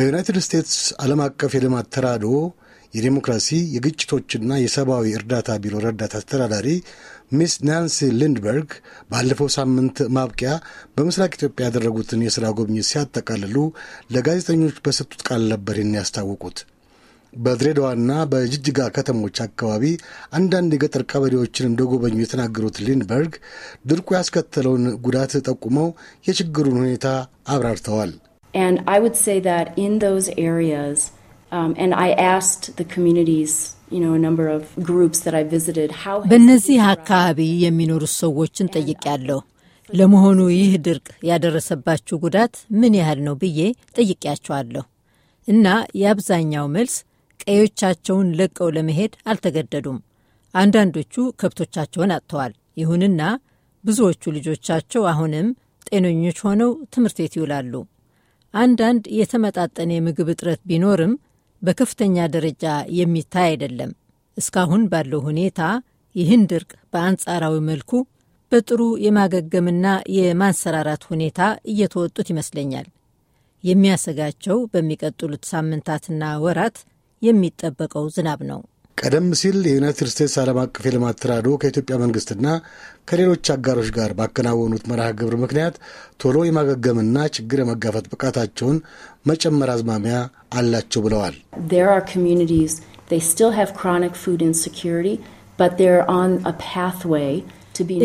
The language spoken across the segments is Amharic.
በዩናይትድ ስቴትስ ዓለም አቀፍ የልማት ተራድኦ የዴሞክራሲ የግጭቶችና የሰብአዊ እርዳታ ቢሮ ረዳት አስተዳዳሪ ሚስ ናንሲ ሊንድበርግ ባለፈው ሳምንት ማብቂያ በምስራቅ ኢትዮጵያ ያደረጉትን የሥራ ጉብኝት ሲያጠቃልሉ ለጋዜጠኞች በሰጡት ቃል ነበር ያስታወቁት። በድሬዳዋና በጅጅጋ ከተሞች አካባቢ አንዳንድ የገጠር ቀበሌዎችን እንደጎበኙ የተናገሩት ሊንድበርግ ድርቁ ያስከተለውን ጉዳት ጠቁመው የችግሩን ሁኔታ አብራርተዋል። And I would say that in those areas, um, and I asked the communities በእነዚህ አካባቢ የሚኖሩ ሰዎችን uh, ጠይቄያለሁ። ለመሆኑ ይህ ድርቅ ያደረሰባችሁ ጉዳት ምን ያህል ነው ብዬ ጠይቄያቸዋለሁ እና የአብዛኛው መልስ ቀዮቻቸውን ለቀው ለመሄድ አልተገደዱም። አንዳንዶቹ ከብቶቻቸውን አጥተዋል። ይሁንና ብዙዎቹ ልጆቻቸው አሁንም ጤነኞች ሆነው ትምህርት ቤት ይውላሉ። አንዳንድ የተመጣጠነ የምግብ እጥረት ቢኖርም በከፍተኛ ደረጃ የሚታይ አይደለም። እስካሁን ባለው ሁኔታ ይህን ድርቅ በአንጻራዊ መልኩ በጥሩ የማገገምና የማንሰራራት ሁኔታ እየተወጡት ይመስለኛል። የሚያሰጋቸው በሚቀጥሉት ሳምንታትና ወራት የሚጠበቀው ዝናብ ነው። ቀደም ሲል የዩናይትድ ስቴትስ ዓለም አቀፍ የልማት ተራድኦ ከኢትዮጵያ መንግስትና ከሌሎች አጋሮች ጋር ባከናወኑት መርሃ ግብር ምክንያት ቶሎ የማገገምና ችግር የመጋፈት ብቃታቸውን መጨመር አዝማሚያ አላቸው ብለዋል።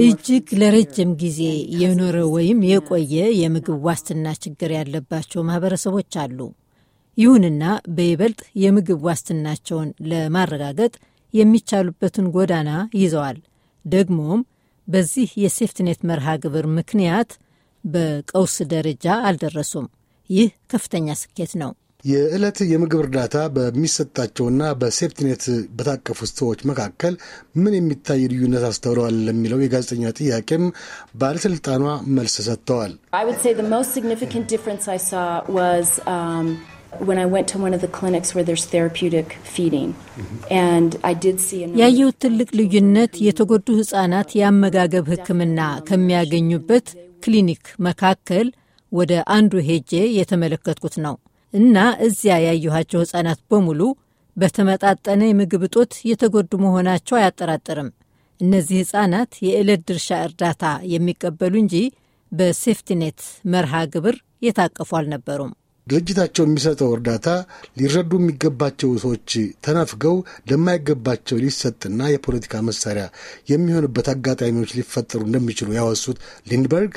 እጅግ ለረጅም ጊዜ የኖረ ወይም የቆየ የምግብ ዋስትና ችግር ያለባቸው ማህበረሰቦች አሉ። ይሁንና በይበልጥ የምግብ ዋስትናቸውን ለማረጋገጥ የሚቻሉበትን ጎዳና ይዘዋል። ደግሞም በዚህ የሴፍትኔት መርሃ ግብር ምክንያት በቀውስ ደረጃ አልደረሱም። ይህ ከፍተኛ ስኬት ነው። የዕለት የምግብ እርዳታ በሚሰጣቸውና በሴፍትኔት በታቀፉት ሰዎች መካከል ምን የሚታይ ልዩነት አስተውለዋል ለሚለው የጋዜጠኛ ጥያቄም ባለስልጣኗ መልስ ሰጥተዋል። ያየሁት ትልቅ ልዩነት የተጎዱ ህጻናት የአመጋገብ ሕክምና ከሚያገኙበት ክሊኒክ መካከል ወደ አንዱ ሄጄ የተመለከትኩት ነው እና እዚያ ያየኋቸው ህጻናት በሙሉ በተመጣጠነ የምግብ እጦት የተጎዱ መሆናቸው አያጠራጥርም። እነዚህ ህጻናት የዕለት ድርሻ እርዳታ የሚቀበሉ እንጂ በሴፍቲኔት መርሃ ግብር የታቀፉ አልነበሩም። ድርጅታቸው የሚሰጠው እርዳታ ሊረዱ የሚገባቸው ሰዎች ተነፍገው ለማይገባቸው ሊሰጥና የፖለቲካ መሳሪያ የሚሆንበት አጋጣሚዎች ሊፈጠሩ እንደሚችሉ ያወሱት ሊንድበርግ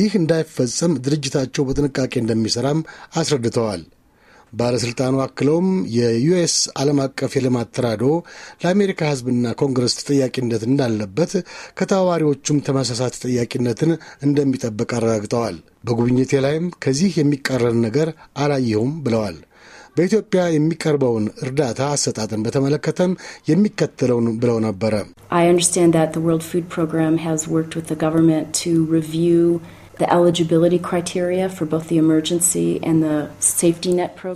ይህ እንዳይፈጸም ድርጅታቸው በጥንቃቄ እንደሚሰራም አስረድተዋል። ባለሥልጣኑ አክለውም የዩኤስ ዓለም አቀፍ የልማት ተራድኦ ለአሜሪካ ሕዝብና ኮንግረስ ተጠያቂነት እንዳለበት ከተባባሪዎቹም ተመሳሳይ ተጠያቂነትን እንደሚጠብቅ አረጋግጠዋል። በጉብኝቴ ላይም ከዚህ የሚቃረን ነገር አላየሁም ብለዋል። በኢትዮጵያ የሚቀርበውን እርዳታ አሰጣጥን በተመለከተም የሚከተለውን ብለው ነበረ።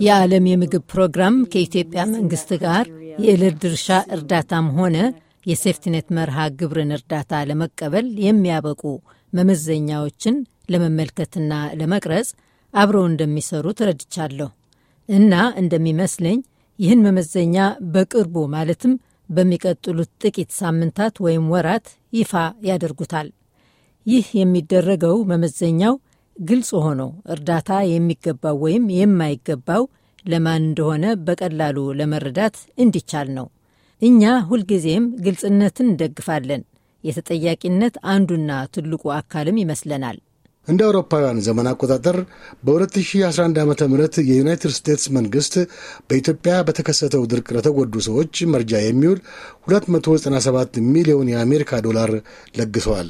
የዓለም የምግብ ፕሮግራም ከኢትዮጵያ መንግስት ጋር የዕለት ድርሻ እርዳታም ሆነ የሴፍቲኔት መርሃ ግብርን እርዳታ ለመቀበል የሚያበቁ መመዘኛዎችን ለመመልከትና ለመቅረጽ አብረው እንደሚሰሩ ትረድቻለሁ እና እንደሚመስለኝ ይህን መመዘኛ በቅርቡ ማለትም በሚቀጥሉት ጥቂት ሳምንታት ወይም ወራት ይፋ ያደርጉታል። ይህ የሚደረገው መመዘኛው ግልጽ ሆኖ እርዳታ የሚገባው ወይም የማይገባው ለማን እንደሆነ በቀላሉ ለመረዳት እንዲቻል ነው። እኛ ሁልጊዜም ግልጽነትን እንደግፋለን። የተጠያቂነት አንዱና ትልቁ አካልም ይመስለናል። እንደ አውሮፓውያን ዘመን አቆጣጠር በ2011 ዓ ም የዩናይትድ ስቴትስ መንግሥት በኢትዮጵያ በተከሰተው ድርቅ ለተጎዱ ሰዎች መርጃ የሚውል 297 ሚሊዮን የአሜሪካ ዶላር ለግሰዋል።